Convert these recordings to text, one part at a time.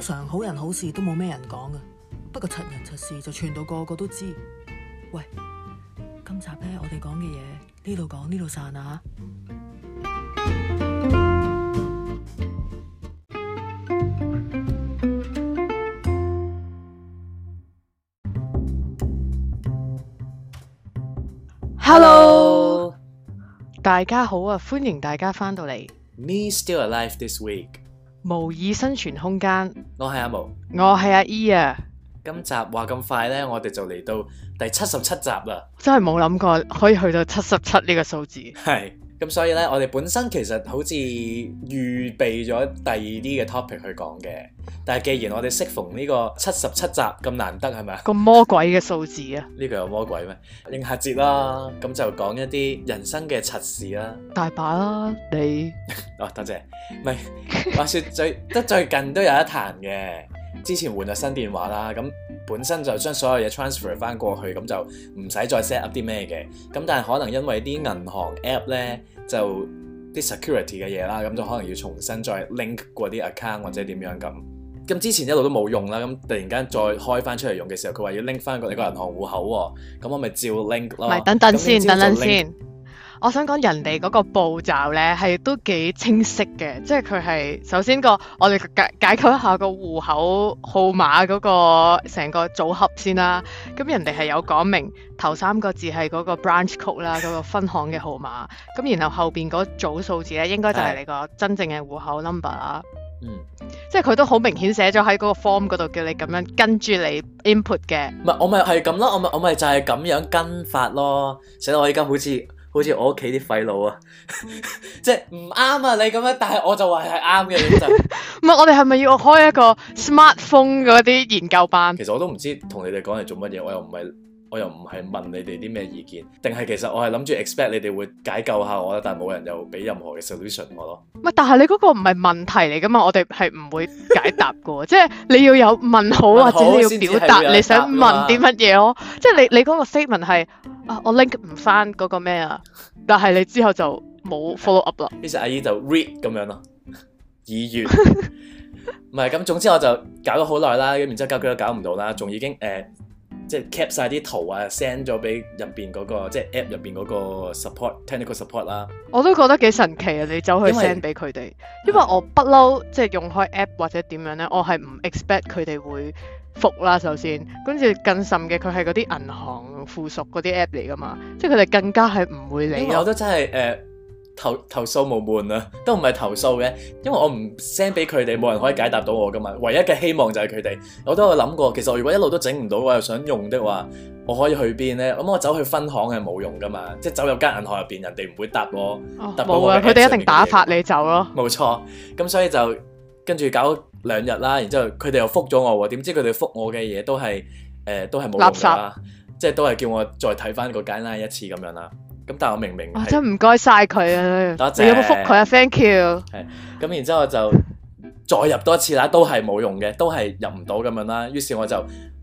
通常好人好事都冇咩人講噶，不過七人七事就傳到個個都知。喂，今集呢我哋講嘅嘢呢度講呢度散啊！Hello， 大家好啊，歡迎大家翻到嚟。Me still alive this week。無以生存空間，我係阿毛，我係阿 E 啊。今集話咁快呢，我哋就嚟到第七十七集啦。真係冇諗過可以去到七十七呢個數字。係。咁所以呢，我哋本身其實好似預備咗第二啲嘅 topic 去講嘅，但係既然我哋適逢呢個七十七集咁難得，係咪啊？咁魔鬼嘅數字啊？呢 個有魔鬼咩？應下節啦，咁就講一啲人生嘅柒事啦。大把啦，你。哦，多謝、oh。唔係，話説最得最近都有一談嘅。之前換咗新電話啦，咁本身就將所有嘢 transfer 翻過去，咁就唔使再 set up 啲咩嘅。咁但係可能因為啲銀行 app 咧，就啲 security 嘅嘢啦，咁就可能要重新再 link 過啲 account 或者點樣咁。咁之前一路都冇用啦，咁突然間再開翻出嚟用嘅時候，佢話要 link 翻過你個銀行戶口喎。咁我咪照 link 咯。咪等等先，等等先。我想講人哋嗰個步驟呢，係都幾清晰嘅，即係佢係首先個我哋解解構一下個戶口號碼嗰個成個組合先啦。咁人哋係有講明頭三個字係嗰個 branch code 啦，嗰 個分行嘅號碼。咁然後後邊嗰組數字呢，應該就係你個真正嘅戶口 number 啦。嗯，即係佢都好明顯寫咗喺嗰個 form 嗰度，叫你咁樣跟住你 input 嘅。唔係，我咪係咁咯，我咪我咪就係咁樣跟法咯，寫到我依家好似～好似我屋企啲廢佬啊， 即係唔啱啊！你咁樣，但係我就話係啱嘅。你真係？唔係， 我哋係咪要開一個 smartphone 嗰啲研究班？其實我都唔知同你哋講嚟做乜嘢，我又唔係。我又唔係問你哋啲咩意見，定係其實我係諗住 expect 你哋會解救下我啦，但係冇人又俾任何嘅 solution 我咯。唔係，但係你嗰個唔係問題嚟噶嘛，我哋係唔會解答噶，即係你要有問號或者你要表達你想問啲乜嘢咯。即係你你嗰個 statement 係啊，我 link 唔翻嗰個咩啊，但係你之後就冇 follow up 啦。於是阿姨就 read 咁樣咯，二月。唔係咁，總之我就搞咗好耐啦，咁然之後佢都搞唔到啦，仲已經誒。即係 cap 晒啲圖啊，send 咗俾入邊嗰個，即係 app 入邊嗰個 support technical support 啦。我都覺得幾神奇啊！你走去 send 俾佢哋，因為，因為我不嬲，即係用開 app 或者點樣咧，我係唔 expect 佢哋會復啦。首先，跟住更甚嘅，佢係嗰啲銀行附屬嗰啲 app 嚟噶嘛，即係佢哋更加係唔會理咯。我都真係誒。呃投投訴冇門啊，都唔係投訴嘅，因為我唔 send 俾佢哋，冇人可以解答到我噶嘛。唯一嘅希望就係佢哋。我都有諗過，其實我如果一路都整唔到，我又想用的話，我可以去邊呢？咁、嗯、我走去分行係冇用噶嘛，即係走入間銀行入邊，人哋唔會答我。哦，冇啊答我 的，佢哋、er、一定打發你走咯。冇錯，咁所以就跟住搞兩日啦，然之後佢哋又覆咗我喎。點知佢哋覆我嘅嘢都係誒、呃，都係冇用啦，垃圾即係都係叫我再睇翻嗰間拉一次咁樣啦。咁但係我明明，哇！真唔該晒佢啊，多謝你有冇覆佢啊？Thank you。係咁，然之後我就再入多次啦，都係冇用嘅，都係入唔到咁樣啦。於是我就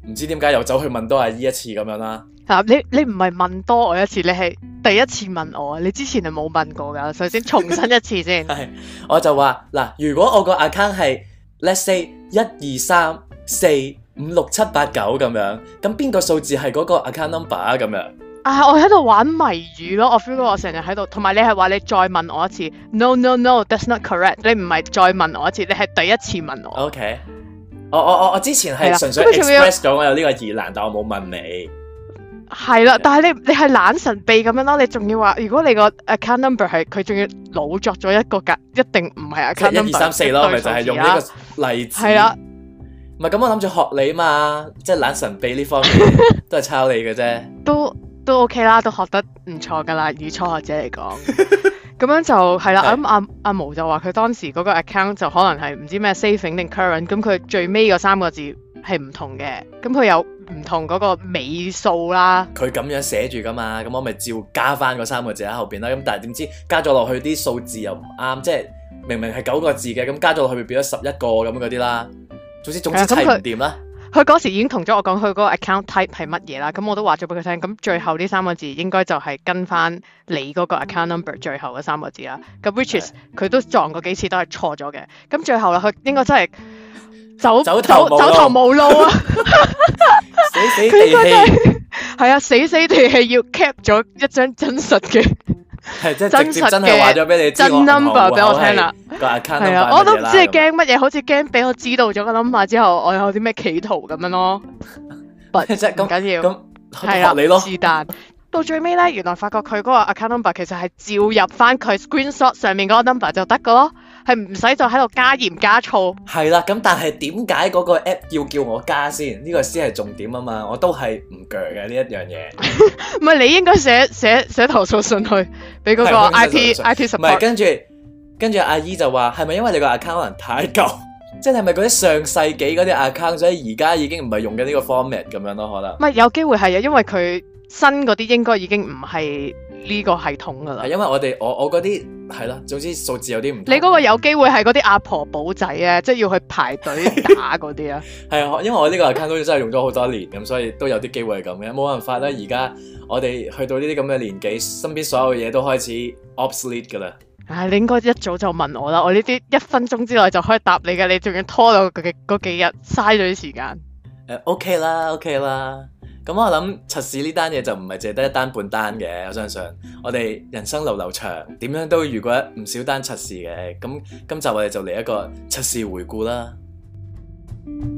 唔知點解又走去問多阿姨一次咁樣啦。嗱，你你唔係問多我一次，你係第一次問我啊！你之前就冇問過㗎，首先重申一次先。係，我就話嗱，如果我個 account 係 let's say 一二三四五六七八九咁樣，咁邊個數字係嗰個 account number 啊咁樣？啊！我喺度玩謎語咯，我 feel 到我成日喺度。同埋你係話你再問我一次，no no no，that's not correct。你唔係再問我一次，你係第一次問我。O、okay. K，我我我我之前係純粹 express 咗我有呢個疑難，但我冇問你。係啦、嗯啊，但係你你係冷神秘咁樣咯，你仲要話如果你個 account number 係佢仲要老作咗一個㗎，一定唔係 account number 1, 2, 3, 4,、啊。二三四咯，咪就係用呢個例子。係啦、啊，咪咁我諗住學你嘛，即係懶神秘呢方面都係抄你嘅啫。 都。都 OK 啦，都學得唔錯噶啦，以初學者嚟講，咁 樣就係啦。咁阿阿毛就話佢當時嗰個 account 就可能係唔知咩 saving 定 current，咁佢最尾嗰三個字係唔同嘅，咁佢有唔同嗰個尾數啦。佢咁樣寫住噶嘛，咁我咪照加翻嗰三個字喺後邊啦。咁但係點知加咗落去啲數字又唔啱，即係明明係九個字嘅，咁加咗落去會變咗十一個咁嗰啲啦。總之、嗯、總之睇唔掂啦。嗯嗯佢嗰時已經同咗我講佢嗰個 account type 係乜嘢啦，咁我都話咗俾佢聽。咁最後呢三個字應該就係跟翻你嗰個 account number 最後嘅三個字啦。咁 which is 佢都撞過幾次都係錯咗嘅。咁最後啦，佢應該真係走走投走，走投無路啊！ 死死地氣，係啊，死死地氣要 cap 咗一張真實嘅。 死死地係即真，你真實嘅真話 number 俾我聽啦，係啊，我都唔知你驚乜嘢，好似驚俾我知道咗個 number 之後，我有啲咩企圖咁樣咯。乜啫咁緊要？係啦，的你咯是但，到最尾咧，原來發覺佢嗰個 account number 其實係照入翻佢 screen shot 上面嗰個 number 就得噶咯。係唔使再喺度加鹽加醋。係啦，咁但係點解嗰個 app 要叫我加先？呢個先係重點啊嘛！我都係唔鋸嘅呢一樣嘢。唔係 你應該寫寫寫投訴信去俾嗰個 IT IT support。唔係，跟住跟住阿姨就話，係咪因為你個 account 可能太舊？即係係咪嗰啲上世紀嗰啲 account，所以而家已經唔係用緊呢個 format 咁樣咯？可能唔係有機會係啊，因為佢新嗰啲應該已經唔係。呢個系統噶啦，係因為我哋我我嗰啲係啦，總之數字有啲唔同。你嗰個有機會係嗰啲阿婆寶仔啊，即係要去排隊打嗰啲啊。係啊， 因為我呢個 account 真係用咗好多年，咁 所以都有啲機會係咁嘅，冇辦法啦。而家我哋去到呢啲咁嘅年紀，身邊所有嘢都開始 obsolete 噶啦。唉、哎，你應該一早就問我啦，我呢啲一分鐘之內就可以答你噶，你仲要拖到佢嗰幾日，嘥咗啲時間。誒、呃、，OK 啦，OK 啦。咁我諗，測試呢單嘢，就唔係淨係得一單半單嘅，我相信我哋人生流流長，點樣都遇過唔少單測試嘅。咁今集我哋就嚟一個測試回顧啦。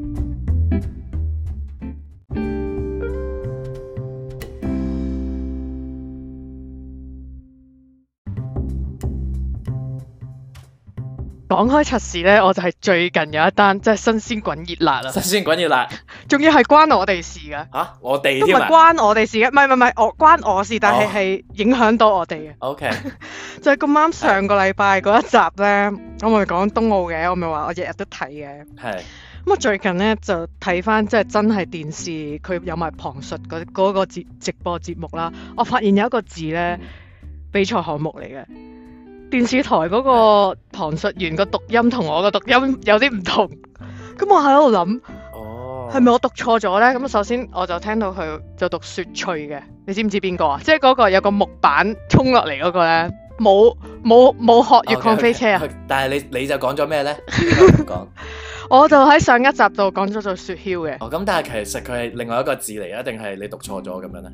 講開測試咧，我就係最近有一單，即係新鮮滾熱辣啦。新鮮滾熱辣，仲要係關我哋事噶吓、啊，我哋都唔係關我哋事嘅，唔係唔係唔係我關我事，但係係、哦、影響到我哋嘅。O Okay K 就係咁啱上個禮拜嗰一集咧是，我咪講冬奧嘅，我咪話我日日都睇嘅。係咁我最近咧就睇翻即係真係電視，佢有埋旁述嗰嗰個節直播節目啦。我發現有一個字咧，比賽項目嚟嘅，電視台嗰個。 唐述源個讀音同我個讀音有啲唔同，咁我喺度諗，係咪我讀錯咗咧？咁首先我就聽到佢就讀雪翠嘅，你知唔知邊個啊？即係嗰個有個木板衝落嚟嗰個咧，冇冇冇學越礦飛車啊！但係你你就講咗咩咧？講我就喺上一集度講咗做雪橇嘅。哦，咁但係其實佢係另外一個字嚟啊，定係你讀錯咗咁樣咧？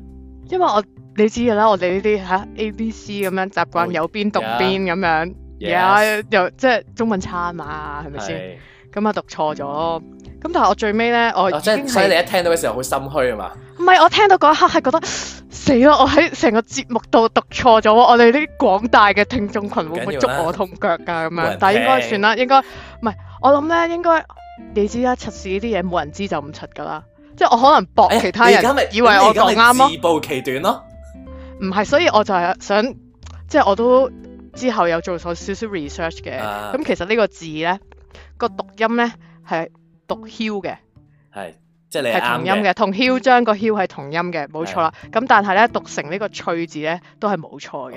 因為我你知噶啦，我哋呢啲嚇 A B C 咁樣習慣，有邊讀邊咁樣。呀，Yes. 又即係中文差嘛，係咪先？咁啊是讀錯咗，咁、嗯、但係我最尾咧，我即係，所以你一聽到嘅時候好心虛啊嘛。唔係，我聽到嗰一刻係覺得死咯，我喺成個節目度讀錯咗，我哋呢啲廣大嘅聽眾群會唔會捉我痛腳噶咁樣？但係應該算啦，應該唔係，我諗咧應該你知啦，柒事呢啲嘢冇人知就唔柒噶啦。即係我可能搏其他人以為我講啱咯，自暴其短咯。唔係，所以我，我就係想，即係我都。之後又做咗少少 research 嘅，咁其實呢個字呢個讀音呢係讀囂嘅，係即係你係同音嘅，同囂張個囂係同音嘅，冇錯啦。咁但係呢，讀成呢個翠字呢都係冇錯嘅。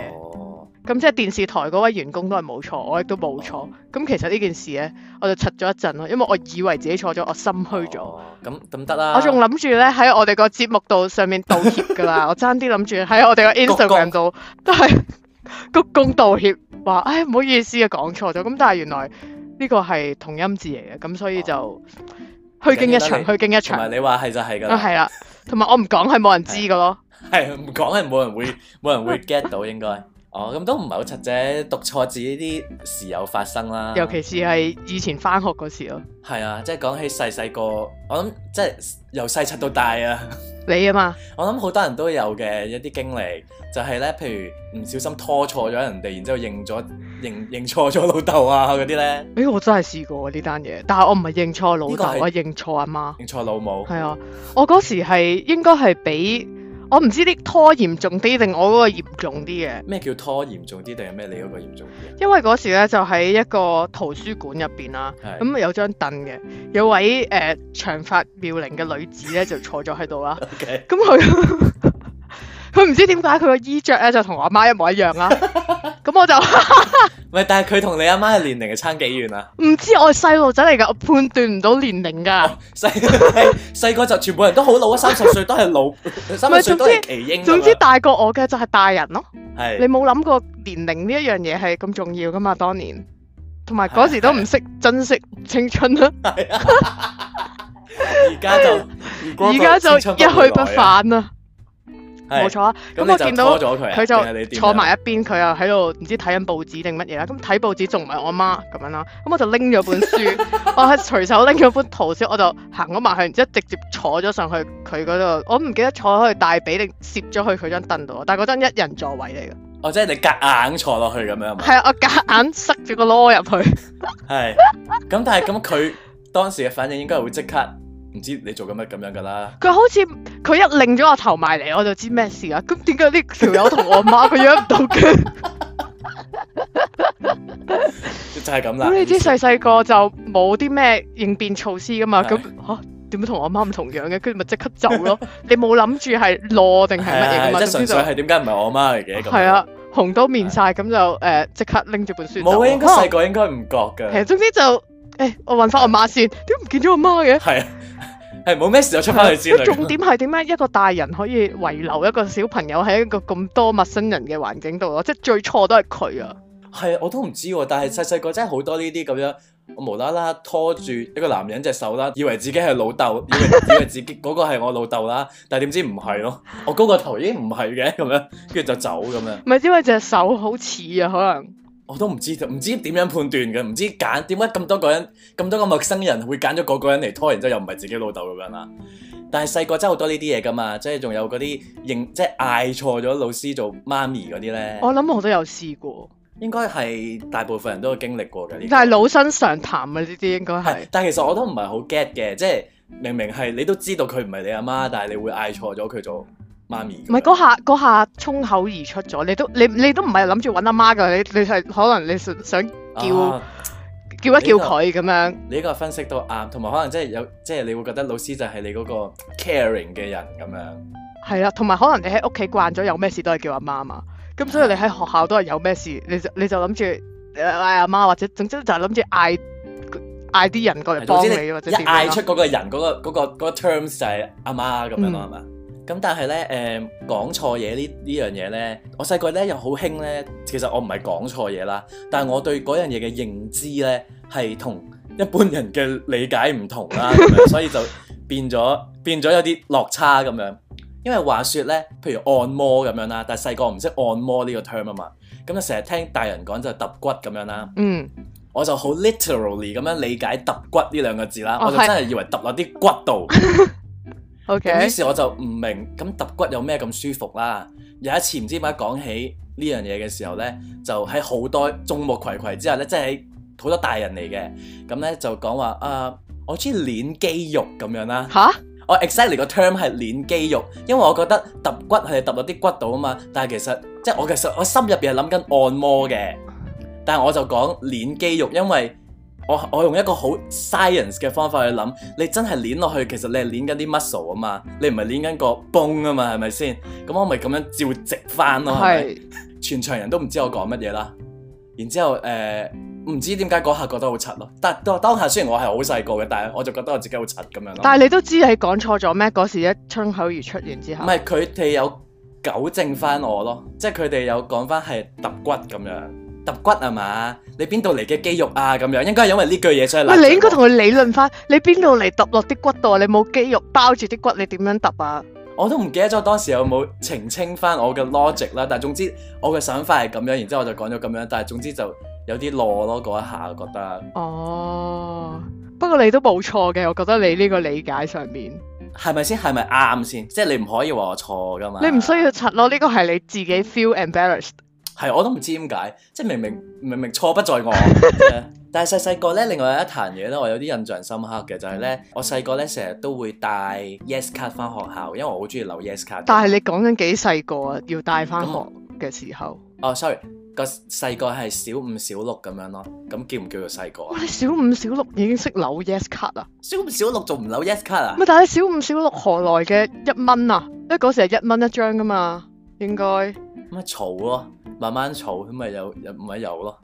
咁即係電視台嗰位員工都係冇錯，我亦都冇錯。咁其實呢件事呢，我就柒咗一陣咯，因為我以為自己錯咗，我心虛咗。咁咁得啦，我仲諗住呢喺我哋個節目度上面道歉噶啦，我爭啲諗住喺我哋個 Instagram 度都係。鞠躬道歉，話唉唔好意思啊，講錯咗。咁但係原來呢個係同音字嚟嘅，咁所以就虛驚一場，虛驚一場。唔係你話係就係噶啦。係啦，啊，同埋我唔講係冇人知噶咯。係唔講係冇人會，冇人會 get 到應該。 哦，咁都唔係好柒啫，讀錯字呢啲時有發生啦，尤其是係以前翻學嗰時咯。係 啊，即係講起細細個，我諗即係由細柒到大啊。你啊嘛？我諗好多人都有嘅一啲經歷，就係、是、咧，譬如唔小心拖錯咗人哋，然之後認咗認認錯咗老豆啊嗰啲咧。誒、欸，我真係試過呢單嘢，但係我唔係認錯老豆啊，認錯阿媽，認錯老母。係啊，我嗰時係應該係畀。 我唔知啲拖嚴重啲定我嗰個嚴重啲嘅。咩叫拖嚴重啲定係咩？你嗰個嚴重？因為嗰時咧就喺一個圖書館入邊啦，咁啊的有張凳嘅，有位誒、呃、長髮妙齡嘅女子咧就坐咗喺度啦。咁佢，佢唔知點解佢個衣着咧就同我阿媽一模一樣啦。咁 那我就 喂，但係佢同你阿媽嘅年齡係差幾遠啊？唔知我係細路仔嚟噶，我判斷唔到年齡噶。細細個就全部人都好老啊，三十歲都係老，三十歲都係奇英總之。總之大過我嘅就係大人咯、啊。係你冇諗過年齡呢一樣嘢係咁重要噶嘛？當年同埋嗰時都唔識珍惜青春啦、啊。而家、啊、就而家就一去不返啦。冇錯啊！咁我見到佢就坐埋一邊，佢又喺度唔知睇緊報紙定乜嘢啦。咁睇報紙仲唔係我媽咁樣啦？咁我就拎咗本書， 我係隨手拎咗本圖書，我就行咗埋去，然之後直接坐咗上去佢嗰度。我唔記得坐喺佢大髀定攝咗去佢張凳度。但係嗰陣一人座位嚟嘅。哦，即係你夾硬坐落去咁樣。係啊， 我夾硬，硬塞咗個籮入去。係 嗯。咁但係咁佢當時嘅反應應該會即刻。唔知你做緊乜咁樣噶啦？佢好似佢一擰咗個頭埋嚟，我就知咩事啊！咁點解啲條友同我媽佢樣唔到嘅？就係咁啦。咁你知細細個就冇啲咩應變措施噶嘛？咁吓點解同我媽唔同樣嘅？佢咪即刻走咯？你冇諗住係攞定係乜嘢嘛？即係純粹係點解唔係我媽嚟嘅？係啊，紅都面晒咁就誒，即刻拎住本書冇，應該細個應該唔覺嘅。其實總之就誒，我搵翻我媽先，點唔見咗我媽嘅？係啊。係冇咩事，就出翻去之旅、嗯。重點係點解一個大人可以遺留一個小朋友喺一個咁多陌生人嘅環境度咯，即係最錯都係佢啊！係啊，我都唔知，但係細細個真係好多呢啲咁樣，我無啦啦拖住一個男人隻手啦，以為自己係老豆，以為以為自己嗰 個係我老豆啦，但係點知唔係咯？我高個頭已經唔係嘅咁樣，跟住就走咁樣。唔係因為隻手好似啊，可能。我都唔知唔知點樣判斷嘅，唔知揀點解咁多個人，咁多個陌生人會揀咗嗰個人嚟拖，然之後又唔係自己老豆咁樣啦。但係細個真係好多呢啲嘢噶嘛，即係仲有嗰啲認即係嗌錯咗老師做媽咪嗰啲咧。我諗我都有試過，應該係大部分人都有經歷過嘅。但係老生常談啊，呢啲應該係。但係其實我都唔係好 get 嘅，即係明明係你都知道佢唔係你阿媽，但係你會嗌錯咗佢做，.媽咪，唔係嗰下嗰下衝口而出咗，你都你你都唔係諗住搵阿媽㗎，你你係可能你想叫、啊、叫一叫佢咁的樣。你呢個分析都啱，同埋可能真係有即係、即係、你會覺得老師就係你嗰個 caring 嘅人咁樣。係啦、啊，同埋可能你喺屋企慣咗有咩事都係叫阿媽嘛，咁所以你喺學校都係有咩事，你就你就諗住嗌阿媽或者總之就係諗住嗌嗌啲人過嚟幫你，或者嗌出嗰個人嗰、嗰個、嗰個、嗰個 terms 就係阿媽咁樣咯，係嘛、嗯？咁但係咧，誒、呃、講錯嘢呢呢樣嘢咧，我細個咧又好興咧。其實我唔係講錯嘢啦，但係我對嗰樣嘢嘅認知咧係同一般人嘅理解唔同啦， 所以就變咗變咗有啲落差咁樣。因為話説咧，譬如按摩咁樣啦，但係細個唔識按摩呢個 term 啊嘛，咁就成日聽大人講就揼、是、骨咁樣啦。嗯，我就好 literally 咁樣理解揼骨呢兩個字啦，哦、我就真係以為揼落啲骨度。 Okay. 於是我就唔明咁揼骨有咩咁舒服啦、啊。有一次唔知點解講起呢樣嘢嘅時候呢，就喺好多眾目睽睽之下呢，即係好多大人嚟嘅，咁呢就講話啊，我中意捏肌肉咁樣啦、啊。吓？我 exactly 個 term 係捏肌肉，因為我覺得揼骨係揼到啲骨度啊嘛。但係其實即係我其實我心入邊係諗緊按摩嘅，但係我就講捏肌肉因為。我我用一個好 science 嘅方法去諗，你真係捏落去，其實你係捏緊啲 muscle 啊嘛，你唔係捏緊個泵啊嘛，係咪先？咁我咪咁樣照直翻咯，係是全場人都唔知我講乜嘢啦。然之後誒，唔、呃、知點解嗰下覺得好柒咯。但當當下雖然我係好細個嘅，但係我就覺得我自己好柒咁樣咯。但係你都知你講錯咗咩？嗰時一衝口而出，然之後唔係佢哋有糾正翻我咯，即係佢哋有講翻係揼骨咁樣。揼骨係嘛？你邊度嚟嘅肌肉啊？咁樣應該係因為呢句嘢先。喂，你應該同佢理論翻，你邊度嚟揼落啲骨度？你冇肌肉包住啲骨，你點樣揼啊？我都唔記得咗當時有冇澄清翻我嘅 logic 啦。但係總之我嘅想法係咁樣，然之後我就講咗咁樣。但係總之就有啲落咯，嗰一下我覺得。哦，不過你都冇錯嘅，我覺得你呢個理解上面係咪先？係咪啱先？即係你唔可以話我錯噶嘛？你唔需要柒咯，呢個係你自己 feel embarrassed。係，我都唔知點解，即係明明，明明明錯不在我， 但係細細個咧，另外有一壇嘢咧，我有啲印象深刻嘅就係咧，我細個咧成日都會帶 yes 卡翻學校，因為我好中意扭 yes 卡。但係你講緊幾細個啊？要帶翻學嘅時候？嗯、哦，sorry，個細個係小五小六咁樣咯。咁叫唔叫做細個啊？哇你小五小六已經識扭 yes 卡啦？小五小六仲唔扭 yes 卡啊？唔係，但係小五小六何來嘅一蚊啊？因為嗰時係一蚊一張噶嘛，應該咁咪嘈咯。慢慢儲咁咪有，唔咪有咯？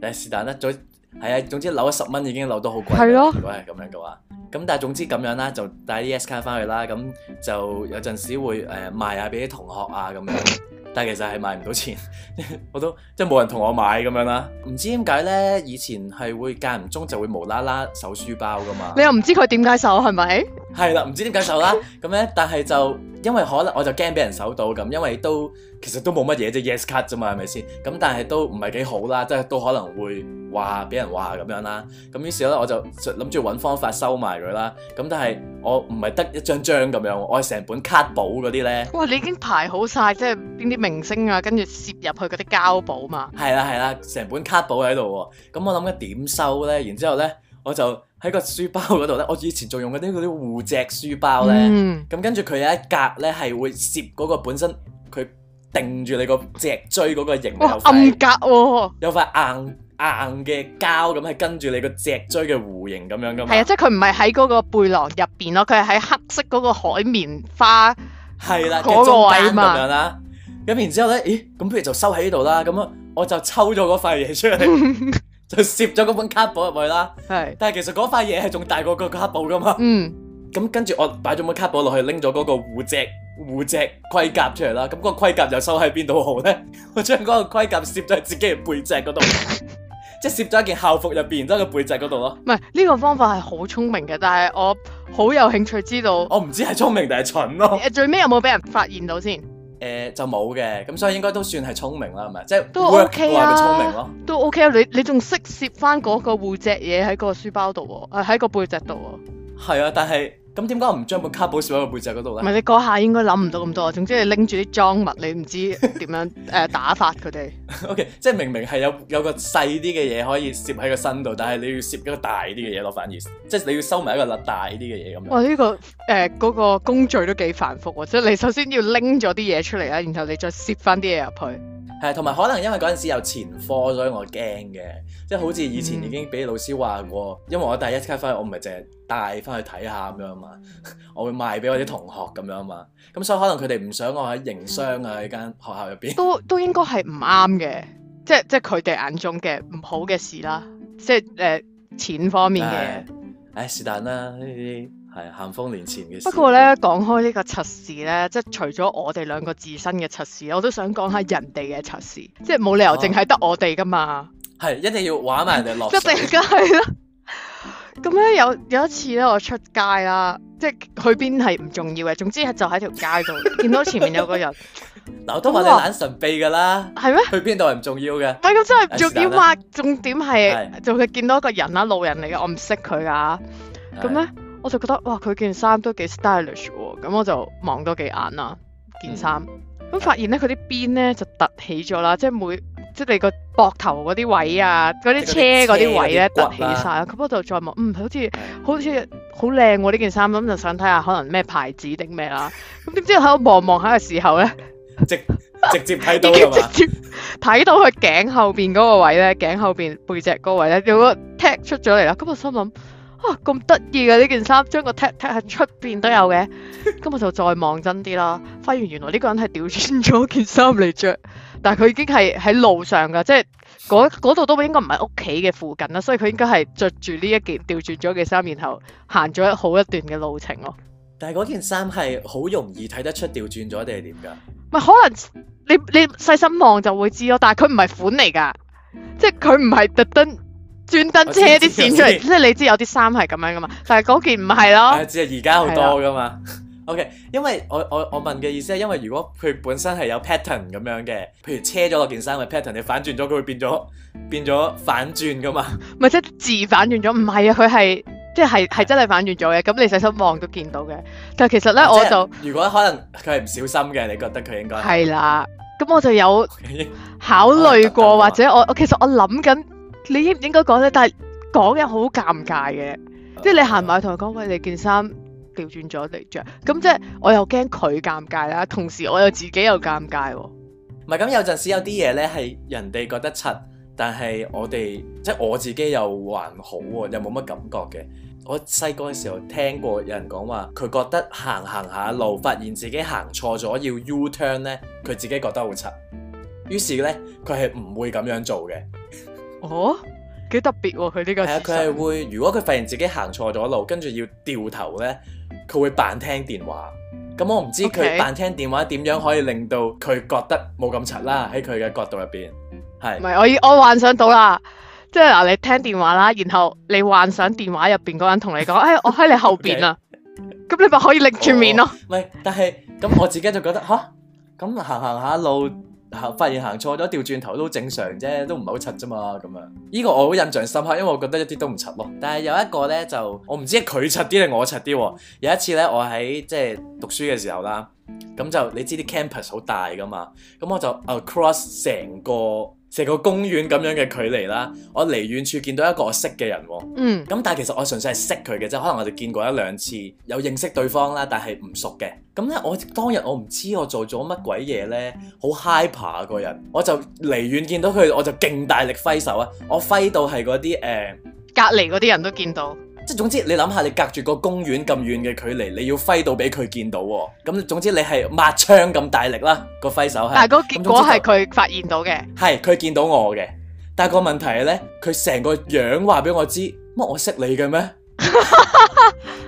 誒是但啦，總係啊，總之扭咗十蚊已經扭到好貴，係咯，如果係咁了樣嘅話。咁但係總之咁樣啦，就帶啲 S 卡翻去啦。咁就有陣時會誒賣下俾啲同學啊咁樣。但係其實係賣唔到錢， 我都即係冇人同我買咁樣啦。唔知點解咧？以前係會間唔中就會無啦啦搜書包噶嘛。你又唔知佢點解搜，係咪？係啦，唔知點解搜啦。咁咧， 但係就因為可能我就驚俾人搜到咁，因為都。其實都冇乜嘢啫，yes card 啫嘛，係咪先？咁但係都唔係幾好啦，即係都可能會話俾人話咁樣啦。咁於是咧，我就諗住揾方法收埋佢啦。咁但係我唔係得一張張咁樣，我係成本卡簿嗰啲呢。哇！你已經排好晒，即係邊啲明星啊，跟住攝入去嗰啲膠簿嘛。係啦係啦，成、啊、本卡簿喺度喎。咁我諗緊點收呢？然之後呢，我就喺個書包嗰度呢。我以前仲用嗰啲啲護脊書包呢。嗯。咁跟住佢有一格呢，係會攝嗰個本身佢。定住你個脊椎嗰個形，暗格喎，有塊硬硬嘅膠咁係跟住你個脊椎嘅弧形咁樣噶嘛。係啊，即係佢唔係喺嗰個背囊入邊咯，佢係喺黑色嗰個海綿花嗰個位嘛。咁、就是係嗯、然之後咧，咦，咁不如就收喺呢度啦。咁啊，我就抽咗嗰塊嘢出嚟， 就攝咗嗰本卡簿入去啦。係的，但係其實嗰塊嘢係仲大過個卡簿噶嘛。嗯。咁跟住我擺咗張卡簿落去，拎咗嗰個護脊護脊盔甲出嚟啦。咁個盔甲就收喺邊度好咧？ 我將嗰個盔甲攝喺自己嘅背脊嗰度， 即係攝咗一件校服入邊然之後個背脊嗰度咯。唔係呢個方法係好聰明嘅，但係我好有興趣知道，我唔知係聰明定係蠢咯。最尾有冇俾人發現到先？誒、 呃、就冇嘅，咁所以應該都算係聰明啦，係咪、啊？即係都 OK 啦，話佢聰明咯。都 OK 你你仲識攝翻嗰個護脊嘢喺個書包度喎，喺個背脊度喎。係啊、 嗯，但係。咁點解我唔將個卡寶攝喺個背脊嗰度咧？唔係你嗰下應該諗唔到咁多，總之你拎住啲贓物，你唔知點樣誒、 呃、打發佢哋。OK，即係明明係有有個細啲嘅嘢可以攝喺個身度，但係你要攝一個大啲嘅嘢咯，反而即係你要收埋一個粒大啲嘅嘢咁樣。哇！呢個誒、呃、嗰個工序都幾繁複喎，即係你首先要拎咗啲嘢出嚟啊，然後你再攝返啲嘢入去。係，同埋可能因為嗰陣時有前科，所以我驚嘅，即係好似以前已經俾老師話過，嗯、因為我第一刻翻去，我唔係淨係帶翻去睇下咁 樣嘛，我會賣俾我啲同學咁樣嘛，咁所以可能佢哋唔想我喺營商啊，喺、嗯、間學校入邊都都應該係唔啱嘅，即係即係佢哋眼中嘅唔好嘅事啦，即係誒、呃、錢方面嘅，誒是但啦呢啲。係咸豐年前嘅事。不過咧，講開呢個測試咧，即係除咗我哋兩個自身嘅測試，我都想講下人哋嘅測試，即係冇理由淨係得我哋噶嘛。係一定要玩埋人哋落去。一定梗係啦。咁咧有有一次咧，我出街啦，即係去邊係唔重要嘅，總之係就喺條街度見到前面有個人。嗱，都話你懶神秘噶啦。係咩？去邊度係唔重要嘅。唔係咁真係仲要畫重點，係就佢見到一個人啦，路人嚟嘅，我唔識佢噶，咁咧。我就覺得哇，佢件衫都幾 stylish 喎，咁、嗯、我就望多幾眼啦件衫，咁、嗯、發現咧佢啲邊咧就凸起咗啦，即係每即係你個膊頭嗰啲位啊，嗰啲車嗰啲位咧凸、嗯、起曬。咁、嗯、我就再望，嗯，好似好似好靚喎呢件衫，咁就想睇下可能咩牌子定咩啦。咁點知喺度望望下嘅時候咧 直直接睇 到直接睇到佢頸後邊嗰個位咧，頸後邊背脊嗰個位咧有個 tag 出咗嚟啦。咁我心諗。哇，咁得意嘅呢件衫，將個 tag tag 喺出邊都有嘅，咁 我就再望真啲啦，發現原來呢個人係調轉咗件衫嚟着，但係佢已經係喺路上噶即係嗰度都應該唔係屋企嘅附近啦，所以佢應該係着住呢一件調轉咗嘅衫，然後行咗好一段嘅路程咯。但係嗰件衫係好容易睇得出調轉咗定係點噶唔係，可能你你細心望就會知咯，但係佢唔係款嚟噶即係佢唔係特登。專登車啲線出嚟，即係你知有啲衫係咁樣噶嘛，但係嗰件唔係咯。只係而家好多噶嘛。的 o、okay, K，因為我我我問嘅意思係，因為如果佢本身係有 pattern 咁樣嘅，譬如車咗嗰件衫嘅 pattern，你反轉咗佢會變咗變咗反轉噶嘛？咪即係字反轉咗？唔係啊，佢係即係係真係反轉咗嘅。咁的你細心望都見到嘅。但係其實咧，是我就如果可能佢係唔小心嘅，你覺得佢應該係啦。咁我就有考慮過， 或者我我其實我諗緊。你應唔應該講咧？但係講嘢好尷尬嘅，哦、即係你行埋同佢講，喂，喂你件衫調轉咗嚟着。咁即係我又驚佢尷尬啦，同時我又自己又尷尬喎。唔係咁有陣時有啲嘢咧係人哋覺得柒，但係我哋即係我自己又還好喎，又冇乜感覺嘅。我細個嘅時候聽過有人講話，佢覺得行行下路發現自己行錯咗要 U turn 咧，佢自己覺得好柒，於是咧佢係唔會咁樣做嘅。 哦，幾特別喎！佢呢個係佢係會，如果佢發現自己行錯咗路，跟住要掉頭呢，佢會扮聽電話。咁我唔知佢扮聽電話點樣可以令到佢覺得冇咁柒啦。喺佢嘅角度入邊，係唔係？我我幻想到啦，即係嗱，你聽電話啦，然後你幻想電話入邊嗰人同你講，誒、 哎，我喺你後邊啦，咁 Okay. 你咪可以擰住面咯。喂、哦，但係咁我自己就覺得吓，咁行行下路。發現行錯咗，掉轉頭都正常啫，都唔係好柒啫嘛咁樣！呢、呢個我好印象深刻，因為我覺得一啲都唔柒咯。但係有一個呢，就我唔知佢柒啲定我柒啲。有一次呢，我喺即係讀書嘅時候啦，咁就你知啲 campus 好大噶嘛，咁我就 across 成個。成個公園咁樣嘅距離啦，我離遠處見到一個我識嘅人喎。嗯，咁但係其實我純粹係識佢嘅啫，可能我哋見過一兩次，有認識對方啦，但係唔熟嘅。咁咧，我當日我唔知我做咗乜鬼嘢咧，好、嗯、hyper 個人，我就離遠見到佢，我就勁大力揮手啊！我揮到係嗰啲誒，隔離嗰啲人都見到。即係總之，你諗下，你隔住個公園咁遠嘅距離，你要揮到俾佢見到喎。咁總之，你係抹槍咁大力啦，個揮手係。但係個結果係佢發現到嘅。係佢見到我嘅，但係個問題咧，佢成個樣話俾我知，乜我識你嘅咩？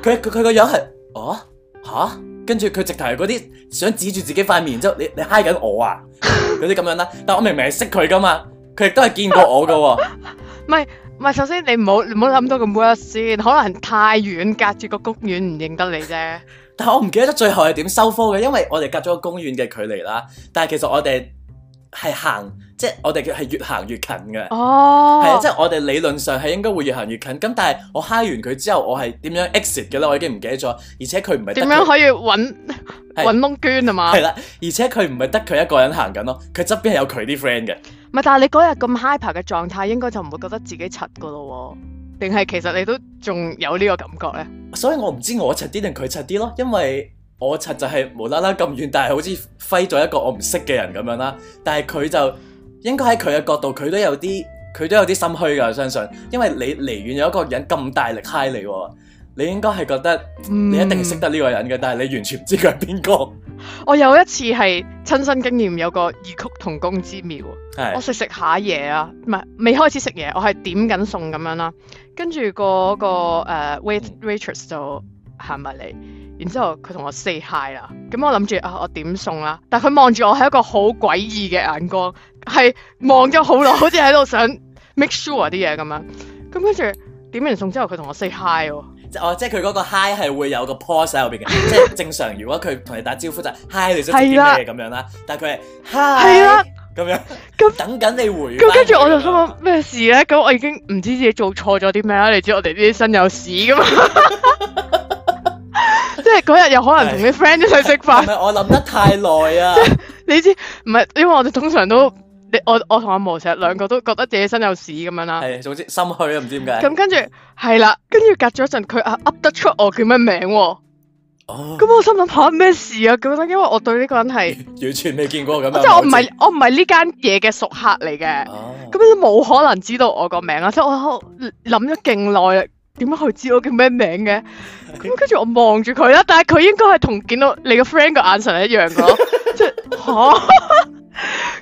佢佢佢個樣係，哦、啊、吓、啊，跟住佢直頭係嗰啲想指住自己塊面，之後你你嗨緊我啊，嗰啲咁樣啦。但我明明係識佢噶嘛，佢亦都係見過我噶喎，唔係。 唔係，首先你唔好，你唔好諗到咁 worst 先，可能太遠，隔住個公園唔認得你啫。但係我唔記得咗最後係點收科嘅，因為我哋隔咗個公園嘅距離啦。但係其實我哋係行，即係我哋係越行越近嘅。哦，係啊，即係我哋理論上係應該會越行越近。咁但係我 hi 完佢之後，我係點樣 exit 嘅咧？我已經唔記得咗。而且佢唔係點樣可以揾揾窿捐吖嘛？係啦 的，而且佢唔係得佢一個人行緊咯，佢側邊係有佢啲 friend 嘅。但係你嗰日咁嗨 y 嘅狀態，應該就唔會覺得自己柒噶咯喎，定係其實你都仲有呢個感覺呢？所以我唔知我柒啲定佢柒啲咯，因為我柒就係無啦啦咁遠，但係好似揮咗一個我唔識嘅人咁樣啦。但係佢就應該喺佢嘅角度，佢都有啲佢都有啲心虛噶。相信因為你離遠有一個人咁大力嗨 i g 你。你應該係覺得你一定識得呢個人嘅，嗯、但係你完全唔知佢係邊個。我有一次係親身經驗，有個異曲同工之妙是的 我、啊。我食食下嘢啊，唔係未開始食嘢，我係點緊餸咁樣啦。跟住個嗰個 wait waitress 就行埋嚟，然之後佢同我 say hi 啦。咁我諗住啊，uh, 我點餸啦？但係佢望住我係一個好詭異嘅眼光，係望咗好耐，好似喺度想 make sure 啲嘢咁樣。咁跟住點完餸之後，佢同我 say hi 喎。哦，即係佢嗰個 Hi 係會有個 pause 喺後邊嘅，即係正常。如果佢同你打招呼就係 Hi，你好，做啲咩咁樣啦。但係佢 Hi 咁的樣，咁跟等緊你回，回。咁跟住我就心諗咩事咧？咁我已經唔知自己做錯咗啲咩啦。你知我哋呢啲身有屎噶嘛？即係嗰日又可能同啲 friend 一齊食飯。係我諗得太耐啊！你知唔係？因為我哋 通常都。你我我同阿毛成日兩個都覺得自己身有屎咁樣啦。係，總之心虛咯，唔知點解。咁跟住係啦，跟住隔咗一陣，佢啊噏得出我叫咩名喎？哦。咁我心諗吓咩事啊？覺得因為我對呢個人係完全未見過咁。即係 我唔係我唔係呢間嘢嘅熟客嚟嘅。哦。咁你都冇可能知道我個名啊！即係我諗咗勁耐，點解佢知我叫咩名嘅？咁跟住我望住佢啦，但係佢應該係同見到你個 friend 個眼神係一樣嘅，即係吓。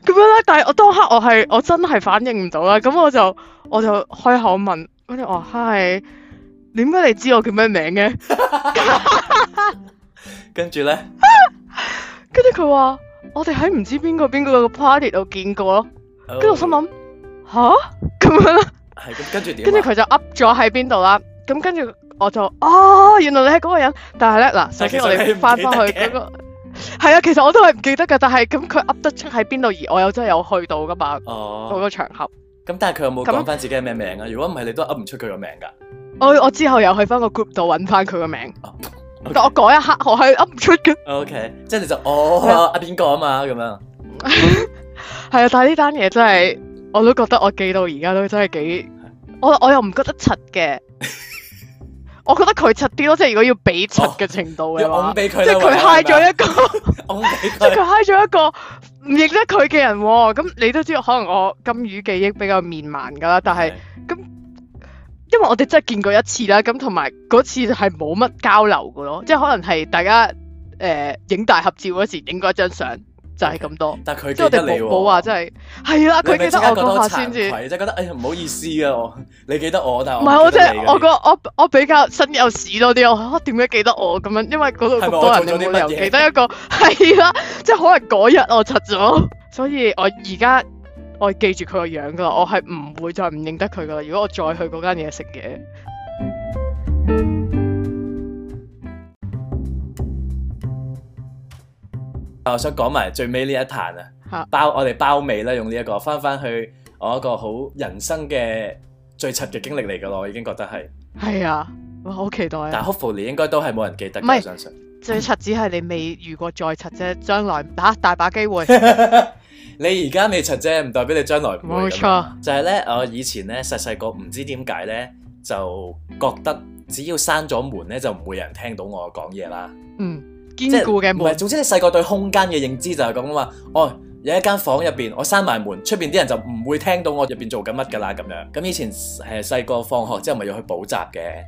咁樣咧，但係我當刻我係我真係反應唔到啦，咁我就我就開口問，跟住我嗨，係點解你知我叫咩名嘅？ 跟住咧，跟住佢話我哋喺唔知邊個邊個嘅 party 度見過咯，跟住我心諗吓咁樣。係，跟住點？跟住佢就 up 咗喺邊度啦，咁跟住我就哦，oh, 原來你係嗰個人，但係咧嗱，首先我哋翻翻去嗰個。 係啊， 其實我都係唔記得噶，但係咁佢噏得出喺邊度而我又真係有去到噶嘛，嗰個場合。咁、哦、但係佢有冇講翻自己係咩名啊？如果唔係，你都噏唔出佢個名噶。我我之後又去翻個 group 度揾翻佢個名，哦 okay. 但我嗰一刻我係噏唔出嘅。O、okay. K，即係你就哦，阿邊個啊，啊嘛咁樣。係 啊， 但係呢單嘢真係我都覺得我記得我到而家都真係幾， 我我又唔覺得柒嘅。 我覺得佢柒啲咯，即係如果要比柒嘅程度嘅話，哦、畀佢嘅話即係佢嗨咗一個， 他 即係佢嗨咗一個唔認得佢嘅人、哦。咁你都知道，可能我金魚記憶比較面盲噶啦，但係咁的，因為我哋真係見過一次啦，咁同埋嗰次係冇乜交流噶咯，即係可能係大家誒影、呃、大合照嗰時影過一張相。就係咁多，但係佢記得即你喎、哦。我話真係係啦，佢記得我話先至，即係覺得，才覺得哎唔好意思啊，我你記得我，但唔係我即係我個、就是、我覺我比較身有屎多啲，我嚇點解記得我咁樣？因為嗰度咁多人，你冇理由記得一個係啦、 啊，即係可能嗰日我柒咗， 所以我而家我記住佢個樣噶啦，我係唔會再唔認得佢噶啦。如果我再去嗰間嘢食嘢。我想講埋最尾呢一壇啊，包我哋包尾啦，用呢一個翻翻去我一個好人生嘅最柒嘅經歷嚟噶咯，我已經覺得係係啊，我好期待、啊。但 Hopefully 應該都係冇人記得，唔係是相信最柒只係你未遇過再柒啫，將 來吓、啊、大把機會。 你而家未柒啫，唔代表你將來唔會。冇錯。錯就係咧，我以前咧細細個唔知點解咧，就覺得只要閂咗門咧，就唔會有人聽到我講嘢啦。嗯。固即係唔係，總之你細個對空間嘅認知就係咁啊嘛。哦，有一間房入邊，我閂埋門，出邊啲人就唔會聽到我入邊做緊乜噶啦咁樣。咁以前誒細個放學之後咪要去補習嘅，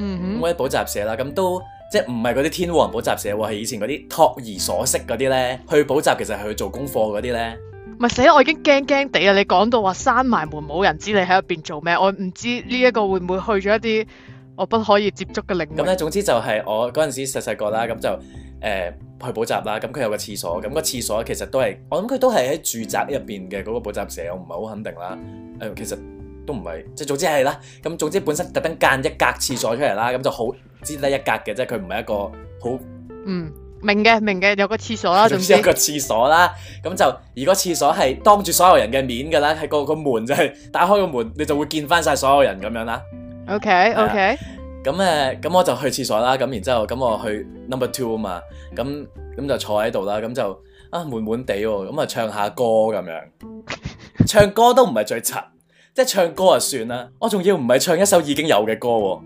咁喺補習社啦，咁都即係唔係嗰啲天王補習社喎，係以前嗰啲托兒所識嗰啲咧，去補習其實係去做功課嗰啲咧。唔係死啦，我已經驚驚地啦。你講到話閂埋門冇人知你喺入邊做咩，我唔知呢一個會唔會去咗一啲我不可以接觸嘅領域。咁咧、嗯，總之就係我嗰陣時細細個啦，咁就。誒去補習啦，咁佢有個廁所，咁個廁所其實都係，我諗佢都係喺住宅入邊嘅嗰個補習社，我唔係好肯定啦。誒，其實都唔係，即係總之係啦。咁總之本身特登間一格廁所出嚟啦，咁就好即得一格嘅啫。佢唔係一個好，嗯，明嘅明嘅，有個廁所啦，總之一個廁所啦。咁就如果廁所係當住所有人嘅面㗎啦，喺個個門就係打開個門，你就會見翻晒所有人咁樣啦。OK OK、啊。咁誒，咁我就去廁所啦。咁然之後，咁我去 number two 啊嘛。咁咁就坐喺度啦。咁就啊悶悶地喎。咁啊唱下歌咁樣，唱歌都唔係最柒。即係唱歌啊算啦。我仲要唔係唱一首已經有嘅歌喎。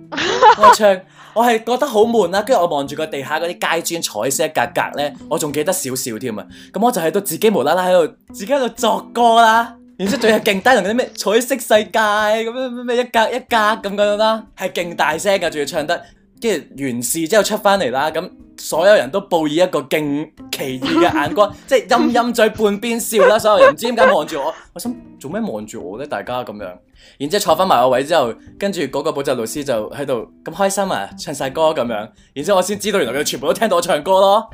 我唱，我係覺得好悶啦。跟住我望住個地下嗰啲街磚彩色格格咧，我仲記得少少添啊。咁我就喺度自己無啦啦喺度，自己喺度作歌啦。然之後仲要勁低能嗰啲咩彩色世界咁樣，咩一格一格咁樣啦，係勁大聲噶，仲要唱得，跟住完事之後出翻嚟啦，咁所有人都報以一個勁奇異嘅眼光， 即係陰陰嘴半邊笑啦，所有人唔知點解望住我，我想做咩望住我咧？大家咁樣，然之後坐翻埋個位之後，跟住嗰個補習老師就喺度咁開心啊，唱晒歌咁樣，然之後我先知道原來佢哋全部都聽到我唱歌咯，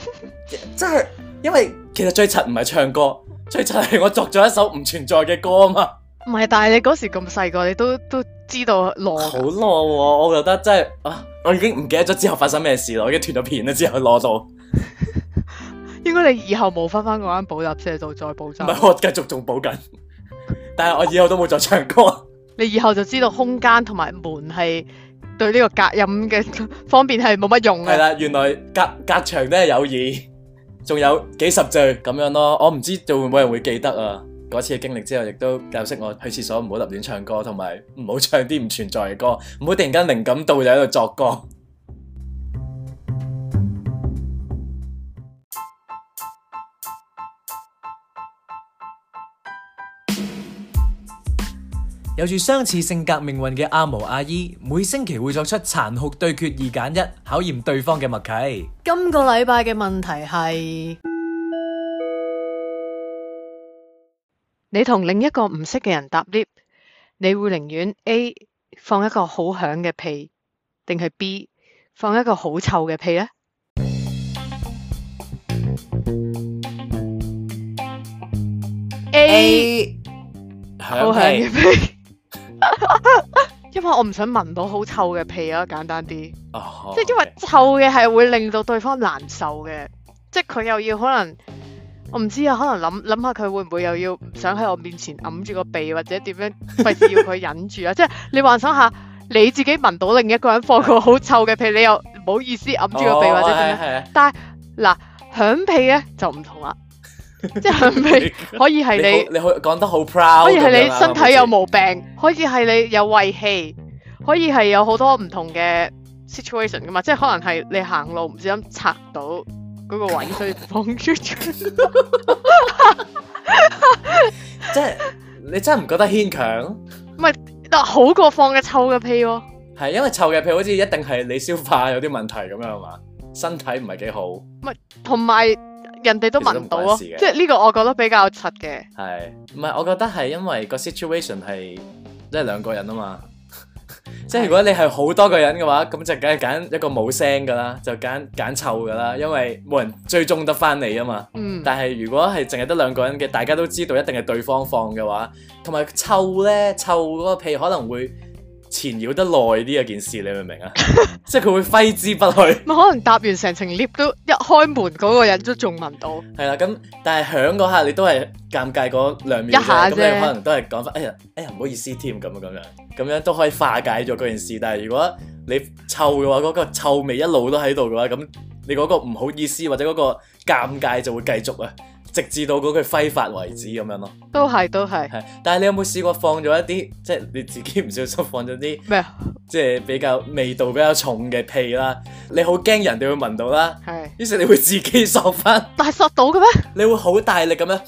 真係因為其實最柒唔係唱歌。最就係我作咗一首唔存在嘅歌啊嘛。唔係，但係你嗰時咁細個，你都都知道攞好攞喎，我覺得真係啊，我已經唔記得咗之後發生咩事咯，我已經斷咗片啦，之後攞到。 應該你以後冇返返嗰間補習社度再補習。唔係我繼續仲補緊，但係我以後都冇再唱歌。你以後就知道空間同埋門係對呢個隔音嘅方面係冇乜用嘅。係啦 啊，原來隔隔牆都係有耳。仲有幾十句咁樣咯，我唔知仲會冇人會記得啊！嗰次嘅經歷之後，亦都教識我去廁所唔好立亂唱歌，同埋唔好唱啲唔存在嘅歌，唔好突然間靈感到就喺度作歌。有住相似性格命運嘅阿毛阿 E，每星期會作出殘酷對決二揀一，1, 考驗對方嘅默契。今個禮拜嘅問題係： 你同另一個唔識嘅人搭 lift，你會寧願 A 放一個好響嘅屁，定係 B 放一個好臭嘅屁呢？A 好響 A. 屁。A. 因為我唔想聞到好臭嘅屁啊，簡單啲，oh, okay. 即係因為臭嘅係會令到對方難受嘅，即係佢又要可能我唔知啊，可能諗諗下佢會唔會又要想喺我面前揞住個鼻或者點樣，費事要佢忍住啊！ 即係你幻想下你自己聞到另一個人放個好臭嘅屁，你又唔好意思揞住個鼻 oh, oh, 或者點樣？Oh, oh, hey, hey, hey. 但係嗱，響屁咧就唔同啦。即係唔係可以係你，你，你好講得好 proud，可以係你身體有毛病，是是可以係你有胃氣，可以係有好多唔同嘅 situation 噶嘛， 即係可能係你行路唔小心拆到嗰個位，所以放出去。 即係你真係唔覺得牽強？唔係，但好過放一臭嘅屁喎。係因為臭嘅屁好似一定係你消化有啲問題咁樣嘛，身體唔係幾好。唔係，同埋。人哋都聞到咯，即係呢個我覺得比較柒嘅。係，唔係我覺得係因為個 situation 係即係兩個人啊嘛， 即係如果你係好多個人嘅話，咁就梗係揀一個冇聲噶啦，就揀揀臭噶啦，因為冇人追蹤得翻你啊嘛。嗯，但係如果係淨係得兩個人嘅，大家都知道一定係對方放嘅話，同埋臭咧，臭嗰個屁可能會纏繞得耐啲嘅件事，你明唔明啊？ 即係佢會揮之不去。 可能搭完成程 lift 都一開門嗰個人都仲聞到。係啦， 咁但係響嗰刻你都係尷尬嗰兩秒，一下。咁你可能都係講翻哎呀哎呀唔好意思添咁啊咁樣，咁樣，咁樣，咁樣都可以化解咗嗰件事。但係如果你臭嘅話，嗰個臭味一路都喺度嘅話，咁你嗰個唔好意思或者嗰個尷尬就會繼續啊。直至到嗰句揮發為止咁樣咯，都係都係。係，但係你有冇試過放咗一啲，即係你自己唔小心放咗啲咩？即係比較味道比較重嘅屁啦，你好驚人哋會聞到啦。係，於是你會自己索返，但係索到嘅咩？你會好大力咁樣。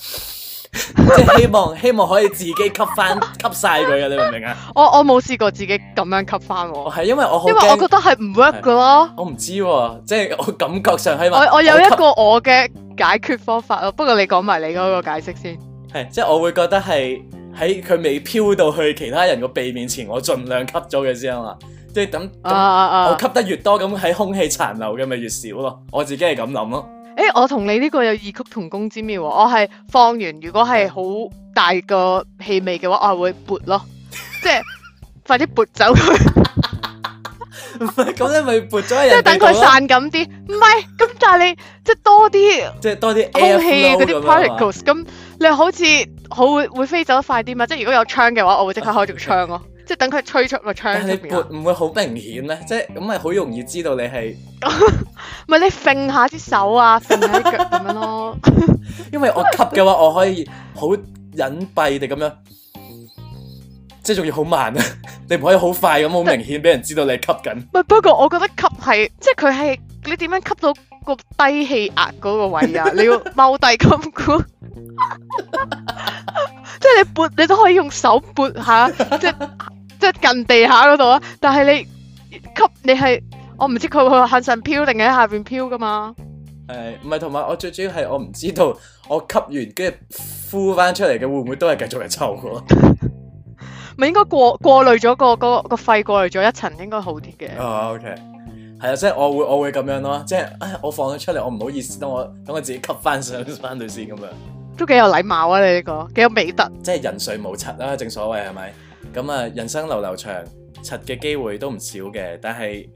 即係 希望，希望可以自己吸翻， 吸晒佢嘅，你明唔明啊？我我冇試過自己咁樣吸翻，我係、哦、因為我好驚，因為我覺得係唔 work 咯。我唔知喎、啊，即、就、係、是、我感覺上係我我有一個我嘅解決方法咯、啊。吸不過你講埋你嗰個解釋先，係即係我會覺得係喺佢未飄到去其他人個鼻面前，我盡量吸咗佢先啊。即係等我吸得越多，咁喺空氣殘留嘅咪越少咯。我自己係咁諗咯。誒、欸，我同你呢個有異曲同工之妙，我係放完如果係好大個氣味嘅話，我係會撥咯，即係快啲撥走佢。唔係， 咁你咪撥咗即係等佢散緊啲。唔係，咁但係你即係多啲，即係多啲空氣嗰啲 particles。咁 你好似好會會飛走得快啲嘛？即係如果有窗嘅話，我會即刻開住窗咯。 即係等佢吹出個窗，但你但撥唔會好明顯咧， 即係咁咪好容易知道你係咪 你揈下隻手啊，揈下腳咁樣咯。 因為我吸嘅話，我可以好隱蔽地咁樣，即係仲要好慢啊！你唔可以好快咁好明顯俾人知道你吸緊。 唔係，不過我覺得吸係，即係佢係你點樣吸到個低氣壓嗰個位啊？你要踎低咁管，即係你撥你都可以用手撥下，即係。即係近地下嗰度啊，但係你吸，你係我唔知佢會向上飄定喺下邊飄噶嘛？係唔係？同埋我最主要係我唔知道我吸完跟住呼翻出嚟嘅會唔會都係繼續嚟臭噶？咪 應該過過濾咗個嗰個肺過濾咗一層，應該好啲嘅。哦，OK，係啊，即係我會我會咁樣咯，即係我放咗出嚟，我唔好意思，等我等我自己吸翻上翻嚟先咁樣。都幾有禮貌啊！你呢個幾有美德。即係人善無臭啦，正所謂係咪？咁啊，人生流流長，柒嘅機會都唔少嘅。但係，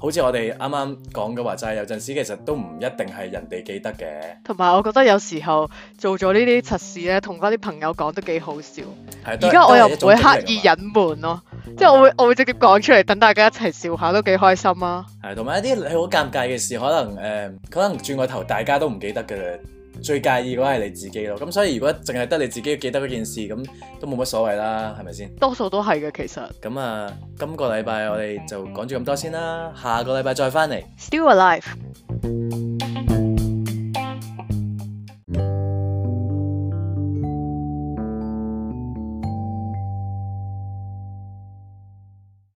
好似我哋啱啱講嘅話，就係有陣時其實都唔一定係人哋記得嘅。同埋，我覺得有時候做咗呢啲柒事咧，同嗰啲朋友講都幾好笑。而家我又唔會刻意隱瞞咯， 即係我會我會直接講出嚟，等大家一齊笑下都幾開心啊。係，同埋一啲好尷尬嘅事，可能誒、呃，可能轉個頭大家都唔記得嘅最介意嗰係你自己咯，咁所以如果淨係得你自己要記得嗰件事，咁都冇乜所謂啦，係咪先？多數都係嘅，其實。咁啊，今個禮拜我哋就講住咁多先啦，下個禮拜再翻嚟。Still alive。